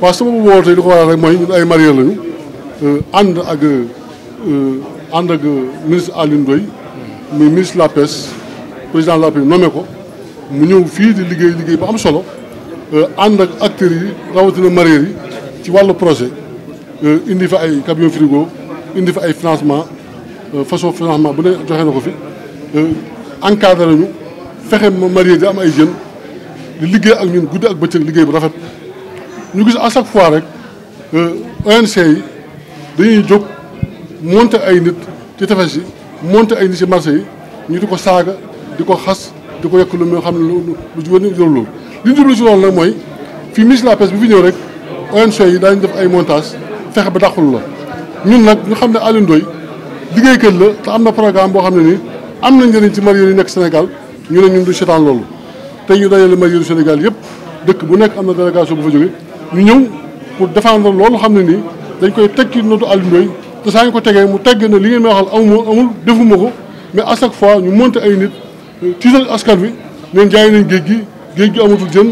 waaw sama bu woo tey li ko waral rek mooy ñun ay marié lañu euh, ànd ak euh, ànd ak ministre Alioune Ndoye muy ministre de la pêche président de la pêche nommé ko mu ñëw fii di liggéey liggéey ba am solo euh, ànd ak acteurs yi rawatina marier yi ci wàllu projet indi fa ay camion frigo indi fa ay financement façon financement bu ne joxe na ko fi encadré ñu fexe marié di am ay jeunes di liggéey ak ñun guddi ak bëccëg liggéey bu rafet ñu gis à chaque fois rek ONC yi dañuy jóg monter ay nit ci tefes yi moonte ay nit ci marché yi ñu di ko saaga di ko xas di ko yekk lu mu xam ne lu lu lu loolu. li ñu jublu ci loolu nag mooy fii ministre la pêche bi fi ñëw rek ONC yi daañu def ay montage fexe ba dàqul la ñun nag ñu xam ne Alioune Ndoye liggéeykat la te am na programme boo xam ne nii am na njëriñ ci mareyeurs yi nekk Sénégal ñu ne ñu du seetaan loolu. te ñu dajale mareyeurs yu Sénégal yëpp dëkk bu nekk am na délégation bu fa jógee. ñu ñëw pour défendre loolu xam ne nii dañ koy teg ci nootu Alioune te saa ngi ko tegee mu tegg na li ngeen may waxal amul amul defuma ko mais à chaque fois ñu monter ay nit euh, tiital askan wi neen jaay nañ géej gi géej gi amatul jën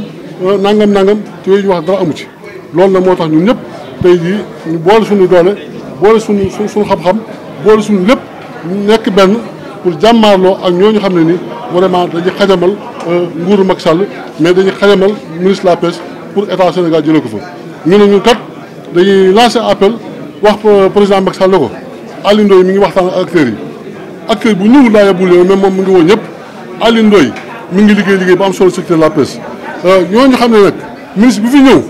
euh, nàngam nangam te yooyu wax dara amu ci. loolu nag moo tax ñu ñëpp tey jii ñu boole suñu doole boole suñu suñu xam-xam boole suñu lépp nekk benn pour jàmmaarloo ak ñoo ñu xam ne ni vraiment dañuy xajamal euh, nguuru Macky Sall mais dañuy xajamal ministre la pêche. pour état Sénégal jëlee ko fa. ñu ne ñun kat dañuy lancer appel wax président Macky Sall ko Aliou Ndoye mi ngi waxtaan ak acteurs yi acteurs bu ñëwul laa yebbu leen même moom mi ngi woo ñëpp Aliou Ndoye mi ngi liggéey liggéey bu am solo secteur de la presse. Euh, ñooñu xam ne nag ministre bu fi ñëw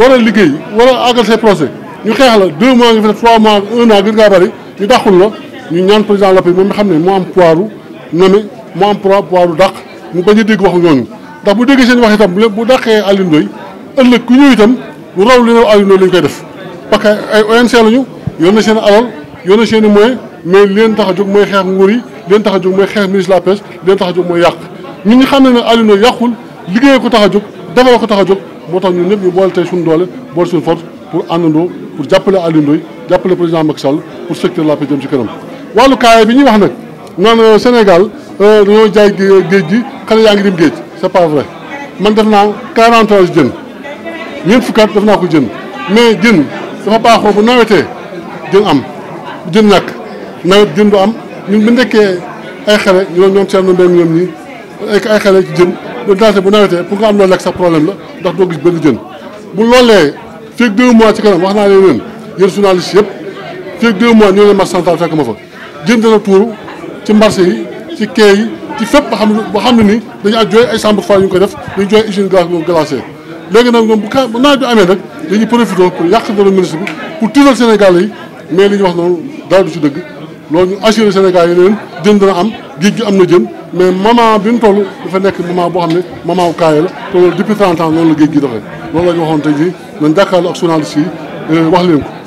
war a liggéey war a àggal ses projets ñu xeex la deux mois nga fi def trois mois un an gën ngaa bëri ñu dàqul la ñu ñaan président Lopé moom mi xam ne moo am pouvoiru nommé moo am pouvoiru dàq mu bañ a dégg wax ñooñu ndax bu déggee seen wax itam bu dàqee Aliou Ndoye ëllëg ku ñëw itam lu raw li raw àll loolu koy def parce que ay ONC lañu yor na seen alal yor na seen i mais li leen tax a jóg mooy xeex nguur yi li leen tax a jóg ministre de la pêche leen tax a jóg mooy yàq ñun ñu xam ne ne àll yàqul liggéey ko tax a jóg defal ko tax a jóg moo tax ñun ñëpp ñu boole tey suñu doole boole suñu force pour àndandoo pour jàppale Aliou Ndoye jàppale président Macky Sall pour secteur la paix jëm ci kanam wàllu kaay bi ñuy wax nag naan euh, Sénégal euh, dañoo jaay géej gi xale yaa ngi dem géej c'est pas man def naa 40 ans ñeent fukki at def naa ko jën mais jën sama baaxoo bu nawetee jën am jën ñàkk nawet jën du am ñun bu nekkee ay xale ñu doon ñoom Thierno Mbengue ñoom ñii ay xale ci jën bu daate bu nawetee pour nga am loolu lekk sax problème la ndax doo gis benn jën bu loolee fii ak deux mois ci kanam wax naa leen leen su journaliste yëpp fii ak deux ñoo leen marché central fekk ma fa jën dana tuuru ci marché yi ci quai yi ci fépp ba xam ba xam ne ni dañu ak jooy ay chambre froide yu ñu ko def dañu jooy usine glace boobu léegi nag moom bu ka bu nawet bi amee nag dañuy profité pour yàq dara ministre bi pour tuddal Sénégal yi mais li ñu wax noonu dara du ci dëgg loolu ñu assuré Sénégal yi leen jën dana am géej gi am na jën mais moment bi mu toll dafa nekk moment boo xam ne moment wu kaay la te loolu depuis 30 ans noonu la géej gi doxee loolu la ñu waxoon tey jii nañ jàkkaarloo ak journaliste yi euh, wax leen ko